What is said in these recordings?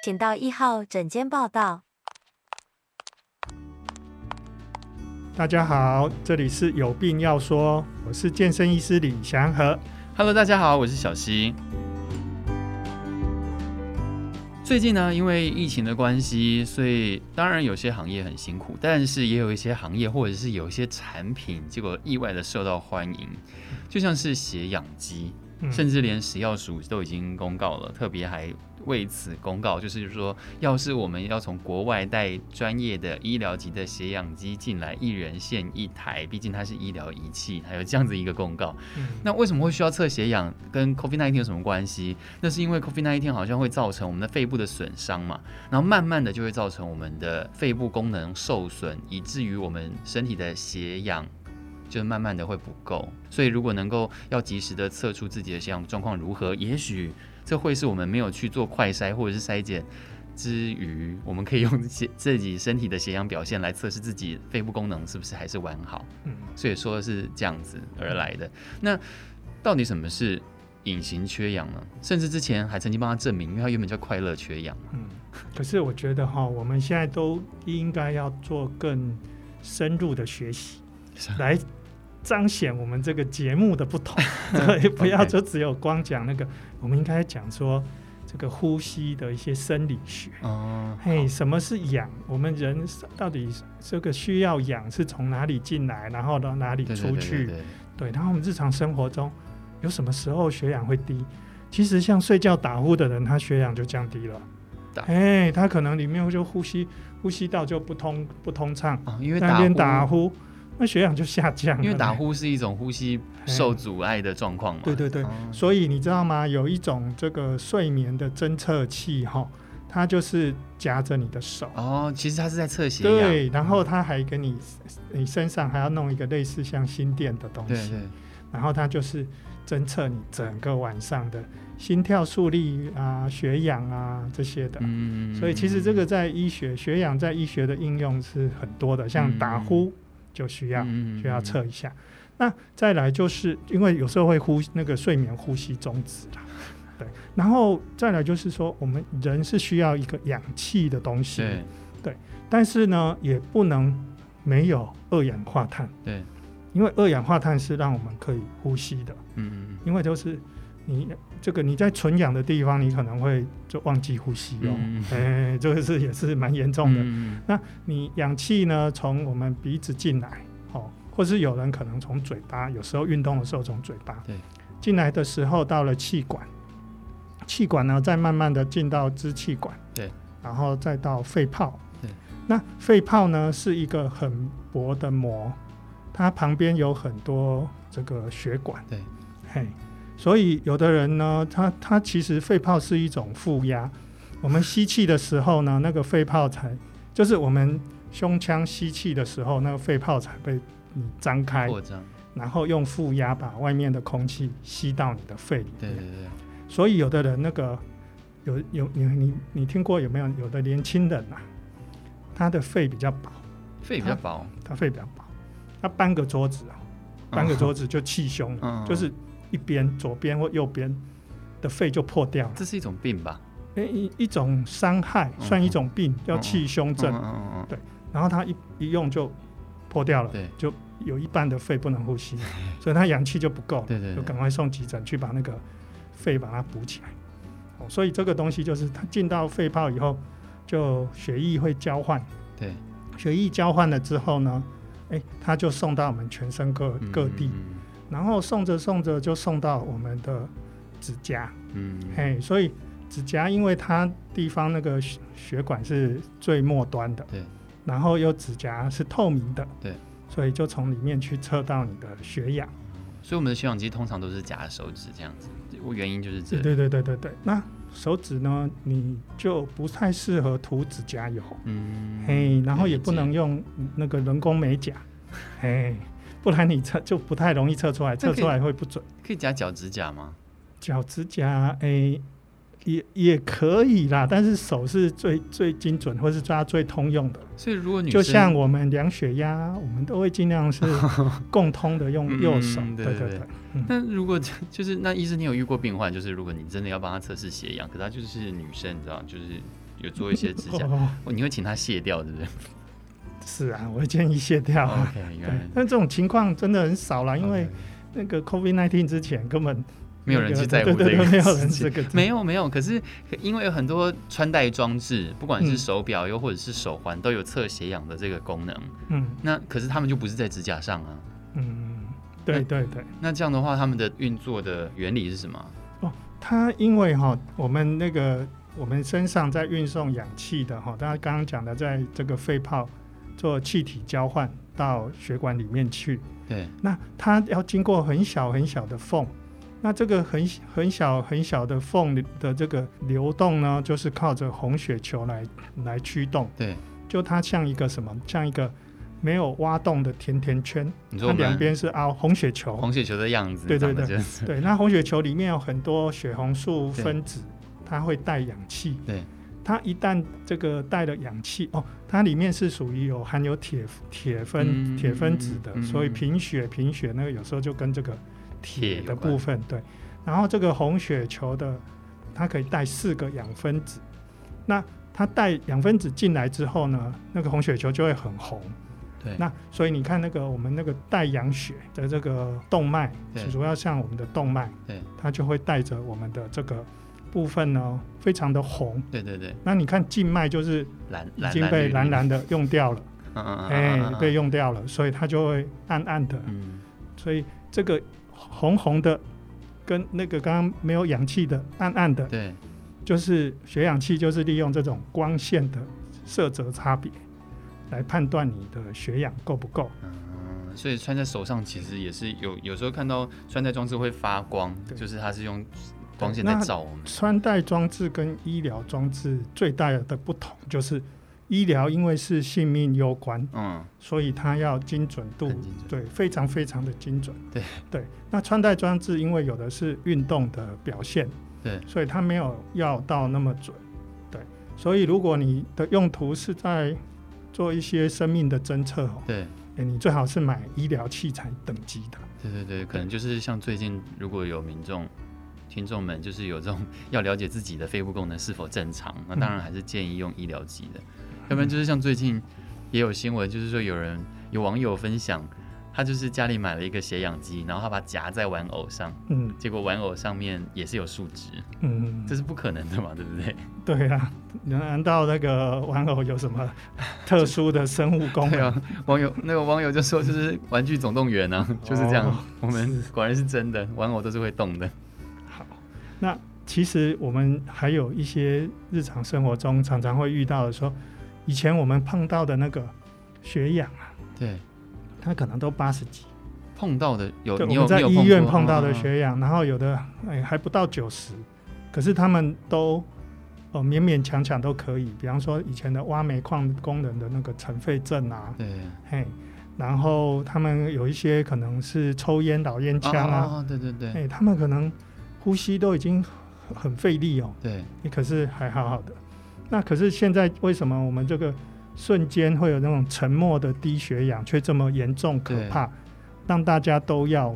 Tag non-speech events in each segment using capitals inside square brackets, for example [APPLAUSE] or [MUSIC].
請到一號診間報到。大家好，這裡是有病要說，我是健身醫師李祥和。Hello，大家好，我是小奚。最近呢，因為疫情的關係，所以當然有些行業很辛苦，但是也有一些行業或者是有一些產品，結果意外的受到歡迎，嗯、就像是血氧機，甚至連食藥署都已經公告了，嗯、特別還。為此公告就是說，要是我們要從國外帶專業的醫療級的血氧機進來，一人限一台，畢竟它是醫療儀器，還有這樣子一個公告。嗯。那為什麼會需要測血氧？跟 COVID-19 有什麼關係？那是因為 COVID-19 好像會造成我們的肺部的損傷嘛，然後慢慢的就會造成我們的肺部功能受損，以至於我們身體的血氧就慢慢的會不夠。所以如果能夠要及時的測出自己的血氧狀況如何，也許。這會是我們沒有去做快篩或者是篩檢之餘，我們可以用自己身體的血氧表現來測試自己的肺部功能是不是還是完好。嗯，所以說是這樣子而來的。那到底什麼是隱形缺氧呢？甚至之前還曾經幫他證明，因為他原本叫快樂缺氧。嗯，可是我覺得哈、哦，我們現在都應該要做更深入的學習、啊、來。彰顯我們這個節目的不同，對，不要就只有光講那個， [LAUGHS] Okay 我們應該講說這個呼吸的一些生理學。哦，嘿，什麼是氧？我們人到底這個需要氧是從哪裡進來，然後到哪裡出去？對，然後我們日常生活中有什麼時候血氧會低？其實像睡覺打呼的人，他血氧就降低了。誒打，他可能裡面就呼吸呼吸道就不通不通暢，啊，因為打呼。那血氧就下降，欸，因為打呼是一種呼吸受阻礙的狀況嘛，欸。對對對，哦，所以你知道嗎？有一種這個睡眠的偵測器，吼它就是夾着你的手。哦，其實它是在測血氧對，然後它還給你，嗯，你身上還要弄一個類似像心電的東西，對對對，然後它就是偵測你整個晚上的心跳速率啊，血氧啊這些的。嗯。所以其實這個在醫學，血氧在醫學的應用是很多的，像打呼。嗯就需要需要測一下，嗯嗯嗯，那再來就是因為有時候會呼那個睡眠呼吸中止了，對，然後再來就是說我們人是需要一個氧氣的東西，對，對，但是呢也不能沒有二氧化碳，對，因為二氧化碳是讓我們可以呼吸的，嗯，嗯，嗯，因為就是。你這個你在純氧的地方，你可能會就忘記呼吸哦，嗯嗯、哎，這、就、個是也是蠻嚴重的。嗯嗯，那你氧氣呢，從我們鼻子進來，哦，或是有人可能從嘴巴，有時候運動的時候從嘴巴對進來的時候到了氣管，氣管呢再慢慢的進到支氣管，對，然後再到肺泡，對，那肺泡呢是一個很薄的膜，它旁邊有很多這個血管，對，嘿。所以有的人呢，他他其實肺泡是一種負壓。我們吸氣的時候呢，那個肺泡才就是我們胸腔吸氣的時候，那個肺泡才被你張開，然後用負壓把外面的空氣吸到你的肺裡對，對對對。所以有的人那個有有你你你聽過有沒有？有的年輕人啊，他的肺比較薄，肺比較薄他，他肺比較薄，他搬個桌子啊，搬個桌子就氣胸、嗯、哼就是。一邊，左邊或右邊的肺就破掉了，這是一種病吧？誒，一一種傷害算一種病，叫氣胸症。對，然後他一一用就破掉了，對，就有一半的肺不能呼吸，所以他氧氣就不夠，對對，就趕快送急診去把那個肺把它補起來。哦，所以這個東西就是它進到肺泡以後，就血液會交換，對，血液交換了之後呢，哎，它就送到我們全身各各地。然後送着送着就送到我們的指甲，嗯，嘿。所以指甲因為它地方那個血管是最末端的，對，然後又指甲是透明的，對，所以就從裡面去測到你的血氧。所以我們的血氧機通常都是夾手指這樣子，原因就是這。對對對對對。那手指呢，你就不太適合塗指甲油，嗯，嘿。然後也不能用那個人工美甲，嘿。不然你測就不太容易測出來，測出來會不準。可以夾腳趾甲嗎？腳趾甲誒、欸，也也可以啦。但是手是最最精準，或是抓最通用的。所以如果你就像我們量血壓，我們都會盡量是共通的用右手。 [LAUGHS] 對，對對對。那、嗯、如果就是那醫生，你有遇過病患，就是如果你真的要幫他測試血氧，可是他就是女生，你知道，就是有做一些指甲， [LAUGHS] 哦、你會請他卸掉，對不對？是啊，我建議卸掉啊。但這種情況真的很少啦，因為那個 COVID nineteen 之前根本沒有人去在乎這個。沒有人這個。 [LAUGHS] 沒有，沒有。可是因為有很多穿戴裝置，不管是手錶又或者是手環，都有測血氧的這個功能。嗯，那可是他們就不是在指甲上啊。嗯，對對對那。那這樣的話，他們的運作的原理是什麼？哦，他因為哈，我們那個我們身上在運送氧氣的哈，大家剛剛講的在這個肺泡。做氣體交換到血管裡面去。對，那它要經過很小很小的縫，那這個很很小很小的縫的這個流動呢，就是靠着紅血球來來驅動。對，就它像一個什麼？像一個沒有挖洞的甜甜圈。它兩邊是凹紅血球。紅血球的樣子、就是。對對對，對。 [LAUGHS] 那紅血球裡面有很多血紅素分子，對它會帶氧氣。對。它一旦這個帶了氧氣哦，它裡面是屬於有含有鐵、鐵分、嗯、鐵分子的，嗯嗯、所以貧血貧血那個有時候就跟這個鐵的部分對。然後這個紅血球的它可以帶四個氧分子，那它帶氧分子進來之後呢，那個紅血球就會很紅。對，那所以你看那個我們那個帶氧血的這個動脈，對主要像我們的動脈，它就會帶着我們的這個。部分呢，非常的紅。對對對。那你看靜脈就是藍，已經被藍藍的用掉了。藍藍綠綠，嗯嗯哎、欸，被用掉了，所以它就會暗暗的。嗯。所以這個紅紅的，跟那個剛剛沒有氧氣的暗暗的，對，就是血氧器就是利用這種光線的色澤差別，來判斷你的血氧夠不夠。嗯，所以穿在手上其實也是有，有時候看到穿戴裝置會發光，對就是它是用。那穿戴裝置跟醫療裝置最大的不同就是，醫療因為是性命攸關，嗯，所以它要精準度，準對，非常非常的精準，對對。那穿戴裝置因為有的是運動的表現，對，所以它沒有要到那麼準，對。所以如果你的用途是在做一些生命的偵測，對、欸，你最好是買醫療器材等級的，對對對，可能就是像最近如果有民眾對。聽眾們就是有這種要了解自己的肺部功能是否正常，那當然還是建議用醫療級的，嗯、要不然就是像最近也有新聞，就是說有人有網友分享，他就是家裡買了一個血氧機，然後他把它夾在玩偶上，嗯，結果玩偶上面也是有數值，嗯，這是不可能的嘛，對不對？對啊，難道那個玩偶有什麼特殊的生物功能、啊啊？網友那個網友就說，就是《玩具總動員》啊，嗯、就是這樣，哦、我們果然是真的，是玩偶都是會動的。那其實我們還有一些日常生活中常常會遇到的，說以前我們碰到的那個血氧啊，對，他可能都八十幾。碰到的有，有在醫院碰到的血氧，啊、然後有的哎、欸、還不到九十，可是他們都、呃、勉勉強強都可以。比方說以前的挖煤礦工人的那個塵肺症啊，對，嘿，然後他們有一些可能是抽煙老煙槍啊，啊，啊，對對對，哎、欸、他們可能。呼吸都已經很費力哦，對，你可是還好好的，那可是現在為什麼我們這個瞬間會有那種沉默的低血氧，卻這麼嚴重可怕，對讓大家都要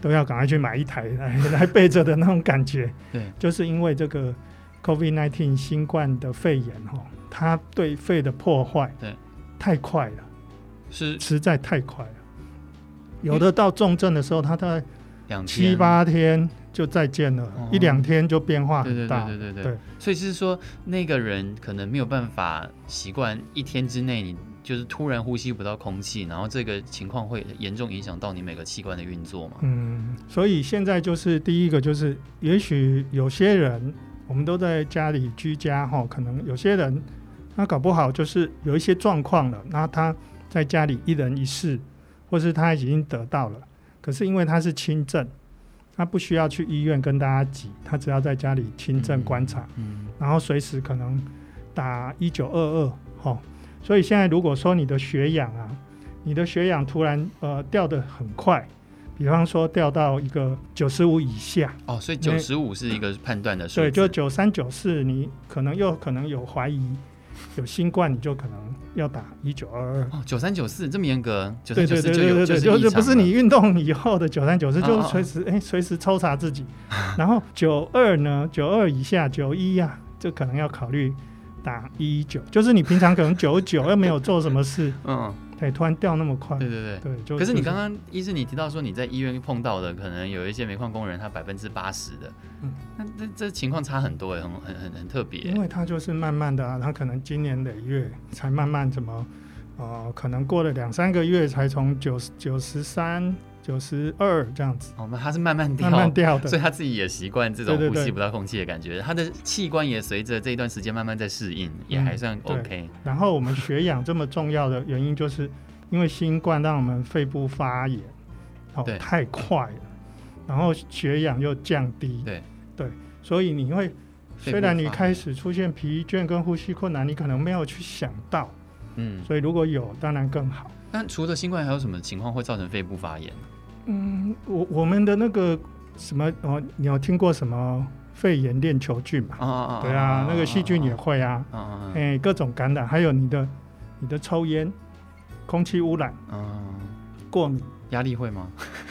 都要趕快去買一台來，對來備着的那種感覺？對，就是因為這個 COVID-19 新冠的肺炎哈、哦，它對肺的破壞對太快了，是實在太快了，有的到重症的時候，他在、嗯、七天八天。就再見了，嗯、一兩天就變化很大。對對對對對對，對。所以是說那個人可能沒有辦法習慣，一天之內你就是突然呼吸不到空氣，然後這個情況會嚴重影響到你每個器官的運作嘛。嗯，所以現在就是第一個就是，也許有些人我們都在家裡居家哈、哦，可能有些人他搞不好就是有一些狀況了，那他在家裡一人一室，或是他已經得到了，可是因為他是輕症。他不需要去醫院跟大家擠，他只要在家裡輕症觀察，嗯嗯、然後隨時可能打一九二二，所以現在如果說你的血氧啊，你的血氧突然呃掉得很快，比方說掉到一個九十五以下，哦，所以九十五是一個判斷的，對，就九三九四你可能又可能有懷疑。有新冠你就可能要打一九二二，九三九四，這麼嚴格？對對，對對對對對，就是就不是你運動以後的九三九四，就是隨時哎隨、欸、時抽查自己。然後九二呢，九二 [LAUGHS] 以下，九一呀，就可能要考慮打一一九。就是你平常可能九九又沒有做什麼事， [LAUGHS] 嗯、哦。對，突然掉那麼快。對對對，對。就是、可是你剛剛醫師，你提到說，你在醫院碰到的可能有一些煤礦工人他80，他百分之八十的，嗯，那這情況差很多哎，很很很很特別。因為他就是慢慢的啊，他可能經年累月才慢慢怎麼，呃，可能過了兩三個月才從九十九十三，九十二這樣子，我們、哦、它是慢慢掉，慢慢掉的。所以他自己也習慣這種呼吸不到空氣的感覺，他的器官也隨着這一段時間慢慢在適應，嗯、也還算 OK。然後我們血氧這麼重要的原因，就是因為新冠讓我們肺部發炎，哦，對太快了，然後血氧又降低，對對，所以你會，雖然你開始出現疲倦跟呼吸困難，你可能沒有去想到，嗯，所以如果有當然更好。那除了新冠還有什麼情況會造成肺部發炎？嗯，我我們的那個什麼哦，你有聽過什麼肺炎鏈球菌嘛？啊對啊，啊那個細菌也會啊。啊，啊，啊，啊、欸、各種感染，還有你的、你的抽菸、空氣汙染、啊啊啊啊、過敏。壓力會嗎？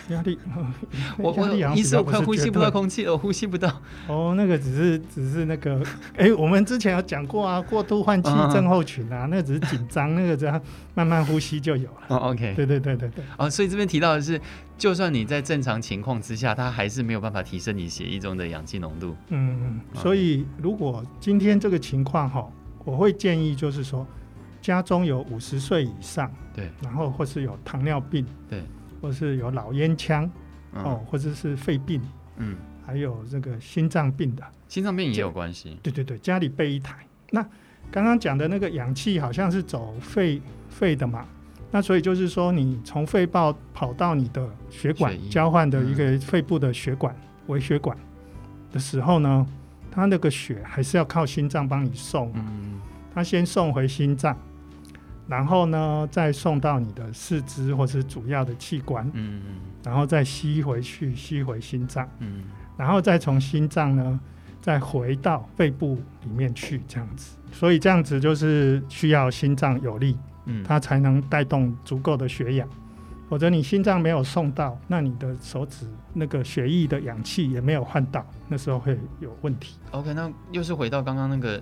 壓力，壓力是覺得我，我醫師，我快呼吸不到空氣，我呼吸不到。哦，那個只是只是那個，哎、欸，我們之前有講過啊，過度換氣症候群啊，uh huh. 那只是緊張，那個只要慢慢呼吸就有了。OK，、uh huh. 對，對對對對對。哦，所以這邊提到的是，就算你在正常情況之下，它還是沒有辦法提升你血液中的氧氣濃度。嗯嗯。所以如果今天這個情況哈，我會建議就是說，家中有五十歲以上，對，然後或是有糖尿病，對。或是有老菸槍、嗯、哦，或者是，是肺病，嗯，還有這個心臟病的，心臟病也有關係。對對對，家裡備一台。那剛剛講的那個氧氣好像是走肺肺的嘛，那所以就是說，你從肺泡跑到你的血管交換的一個肺部的血管微血管的時候呢，他、嗯、那個血還是要靠心臟幫你送嘛，他、嗯、先送回心臟。然後呢，再送到你的四肢或是主要的器官，嗯、嗯，然後再吸回去，吸回心臟，嗯、嗯，然後再從心臟呢，再回到肺部裡面去，這樣子。所以這樣子就是需要心臟有力，嗯，它才能帶動足夠的血氧，否則你心臟沒有送到，那你的手指那個血液的氧氣也沒有換到，那時候會有問題。OK，那又是回到剛剛那個。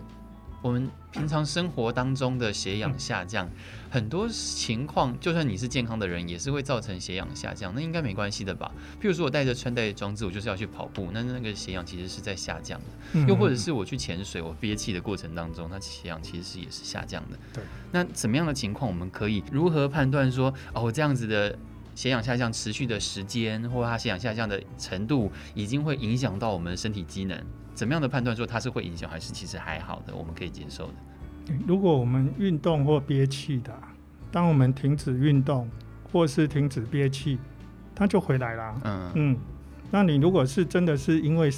我們平常生活當中的血氧下降，嗯、很多情況，就算你是健康的人，也是會造成血氧下降。那應該沒關係的吧？譬如說，我戴著穿戴裝置，我就是要去跑步，那那個血氧其實是在下降的。嗯、又或者是我去潛水，我憋氣的過程當中，那血氧其實也是下降的。對。那怎麼樣的情況，我們可以如何判斷說，哦，這樣子的？血氧下降持續的時間，或它血氧下降的程度，已經會影響到我們的身體機能。怎麼樣的判斷說它是會影響，還是其實還好的，我們可以接受的？如果我們運動或憋氣的，當我們停止運動或是停止憋氣，它就回來了。嗯嗯。那你如果是真的是因為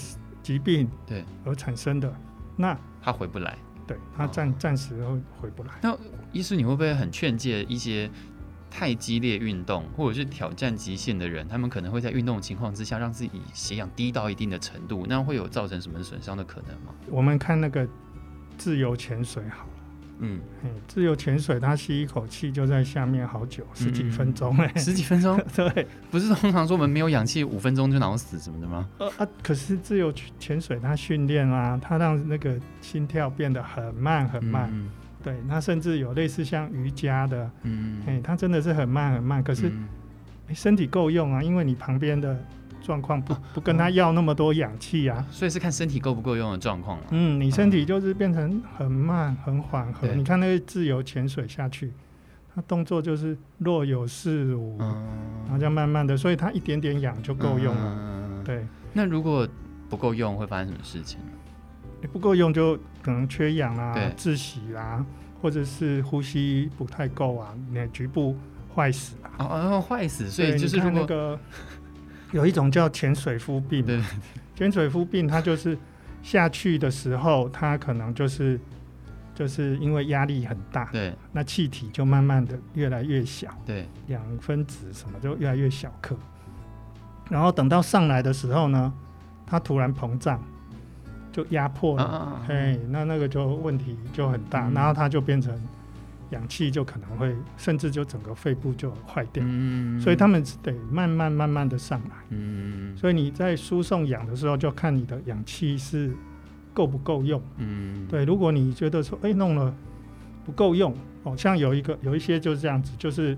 疾病對，而產生的，對那它回不來。對，它暫、哦、暫時會回不來。那醫師你會不會很勸誡一些？太激烈運動或者是挑戰極限的人，他們可能會在運動的情況之下讓自己血氧低到一定的程度，那會有造成什麼損傷的可能嗎？我們看那個自由潛水好了，嗯，嗯，自由潛水他吸一口氣就在下面好久，嗯、十幾分鐘哎、欸，十幾分鐘， [LAUGHS] 對，不是通常說我們沒有氧氣五分鐘就腦死什麼的嗎？呃啊，可是自由潛水他訓練啊，他讓那個心跳變得很慢很慢。嗯對，那甚至有類似像瑜伽的，嗯、欸，他真的是很慢很慢，可是、嗯欸、身體夠用啊，因為你旁邊的狀況不不跟他要那麼多氧氣啊、嗯，所以是看身體夠不夠用的狀況、啊、嗯，你身體就是變成很慢很緩和，嗯、你看那個自由潛水下去，對他動作就是若有似無，嗯、然後這樣慢慢的，所以他一點點氧就夠用了。嗯、對，那如果不夠用會發生什麼事情？不夠用就可能缺氧啊，窒息對啊，或者是呼吸不太夠啊，那局部壞死啊。哦，壞死，所以就是那個， [LAUGHS] 有一種叫潛水夫病。對，對，對，潛水夫病它就是下去的時候，它可能就是 [LAUGHS] 就是因為壓力很大，對，那氣體就慢慢的越來越小，對，氧分子什麼就越來越小克，然後等到上來的時候呢，它突然膨脹。就壓迫了，啊啊啊嘿，那那個就問題就很大，嗯、然後它就變成氧氣就可能會，甚至就整個肺部就壞掉，嗯、所以他們得慢慢慢慢的上來，嗯、所以你在輸送氧的時候，就看你的氧氣是夠不夠用，嗯，對，如果你覺得說，哎、欸，弄了不夠用，好、哦、像有一個有一些就是這樣子，就是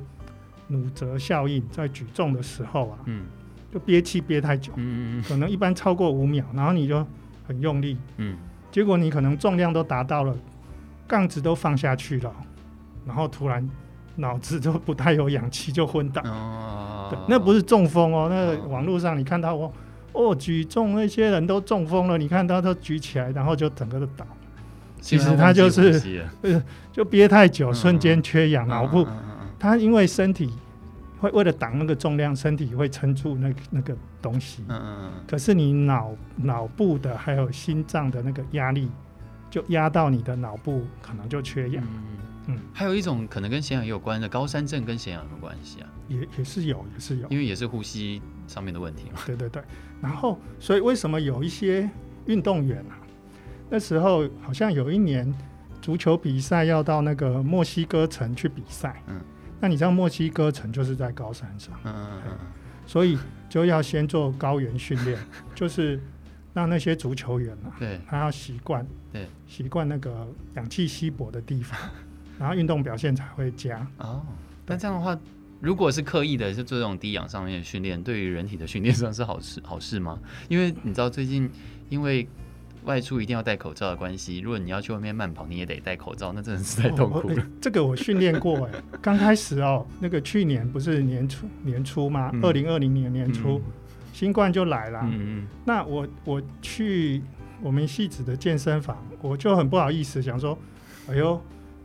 努責效應，在舉重的時候啊，嗯、就憋氣憋太久，嗯、可能一般超過五秒，然後你就。很用力，嗯，結果你可能重量都達到了，槓子都放下去了，然後突然腦子都不太有氧氣就昏倒，哦、對，那不是中風哦。那網絡上你看到哦，哦，舉重那些人都中風了，你看到他都舉起來，然後就整個都倒。其實他就是、嗯嗯呃、就憋太久，瞬間缺氧，嗯、腦部、啊啊啊、他因為身體。會為了擋那個重量，身體會撐住那個那個東西。嗯嗯，嗯。可是你腦腦部的還有心臟的那個壓力，就壓到你的腦部可能就缺氧。嗯，嗯還有一種可能跟缺氧有關的高山症跟缺氧有，有關係啊？也也是有，也是有。因為也是呼吸上面的問題嘛。 [LAUGHS] 對對對。然後，所以為什麼有一些運動員啊，那時候好像有一年足球比賽要到那個墨西哥城去比賽，嗯。那你知道墨西哥城就是在高山上，嗯嗯嗯，所以就要先做高原訓練， [LAUGHS] 就是讓那些足球員嘛，啊，對，他要習慣，對，習慣那個氧氣稀薄的地方，然後運動表現才會佳。哦，對但這樣的話，如果是刻意的，就做這種低氧上面訓練，對於人體的訓練上是好事好事嗎？因為你知道最近因為，外出一定要戴口罩的關係，如果你要去外面慢跑，你也得戴口罩，那真的是太痛苦了。哦欸。這個我訓練過誒、欸，剛 [LAUGHS] 開始哦、喔，那個去年不是年初年初嗎？二零二零年年初，嗯、新冠就來了。嗯嗯。那我我去我們戲子的健身房，我就很不好意思，想說，哎呦，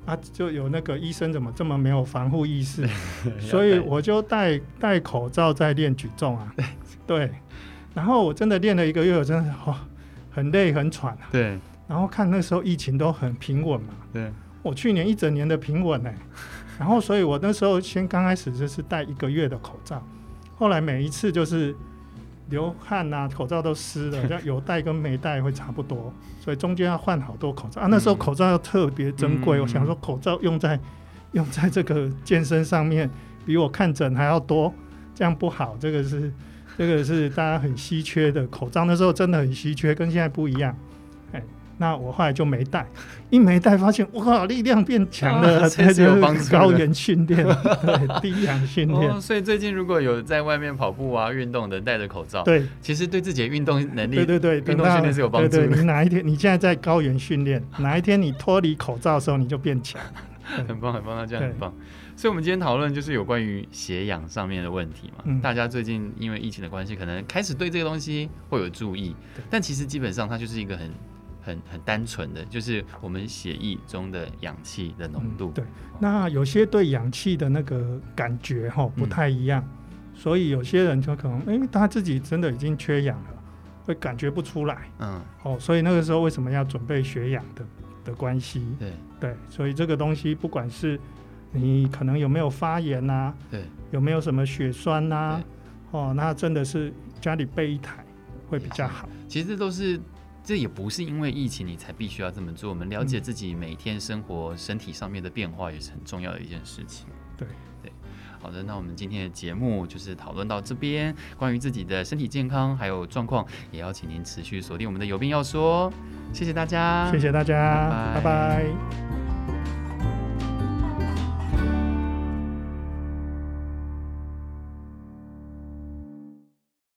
啊就有那個醫生怎麼這麼沒有防護意識？ [LAUGHS] 所以我就戴戴口罩在練舉重啊。對，對。然後我真的練了一個月，我真的、哦很累很喘，啊、對，然後看那時候疫情都很平穩嘛。對，我、哦、去年一整年的平穩呢、欸。對然後所以我那時候先剛開始就是戴一個月的口罩，後來每一次就是流汗吶、啊，口罩都濕了，像有戴跟沒戴會差不多， [LAUGHS] 所以中間要換好多口罩啊。那時候口罩又特別珍貴，嗯、我想說口罩用在用在這個健身上面，比我看診還要多，這樣不好，這個是。這個是大家很稀缺的口罩，那時候真的很稀缺，跟現在不一樣。哎、欸，那我後來就沒戴，一沒戴發現，哇，力量變強了，這、啊、對是有幫助的。高原訓練， [LAUGHS] 低氧訓練。所以最近如果有在外面跑步啊、運動的，戴着口罩，對，其實對自己的運動能力，對對對，運動訓練是有幫助的對對對。你哪一天，你現在在高原訓練，哪一天你脫離口罩的時候，你就變強。 [LAUGHS] 很棒，很棒，那這樣很棒。對所以，我們今天討論就是有關於血氧上面的問題嘛。嗯、大家最近因為疫情的關係，可能開始對這個東西會有注意。對但其實基本上它就是一個很、很、很單純的，就是我們血液中的氧氣的濃度。對，那有些對氧氣的那個感覺哈不太一樣，嗯、所以有些人就可能因為、欸、他自己真的已經缺氧了，會感覺不出來。嗯，哦，所以那個時候為什麼要準備血氧的的關係？對。對，所以這個東西不管是你可能有沒有發炎啊，對，有沒有什麼血栓啊？對哦，那真的是家裡備一台會比較好。其實都是，這也不是因為疫情你才必須要這麼做。我們了解自己每天生活、嗯、身體上面的變化也是很重要的一件事情。對對，好的，那我們今天的節目就是討論到這邊，關於自己的身體健康還有狀況，也要請您持續鎖定我們的有病藥說，謝謝大家，謝謝大家，拜拜。拜拜。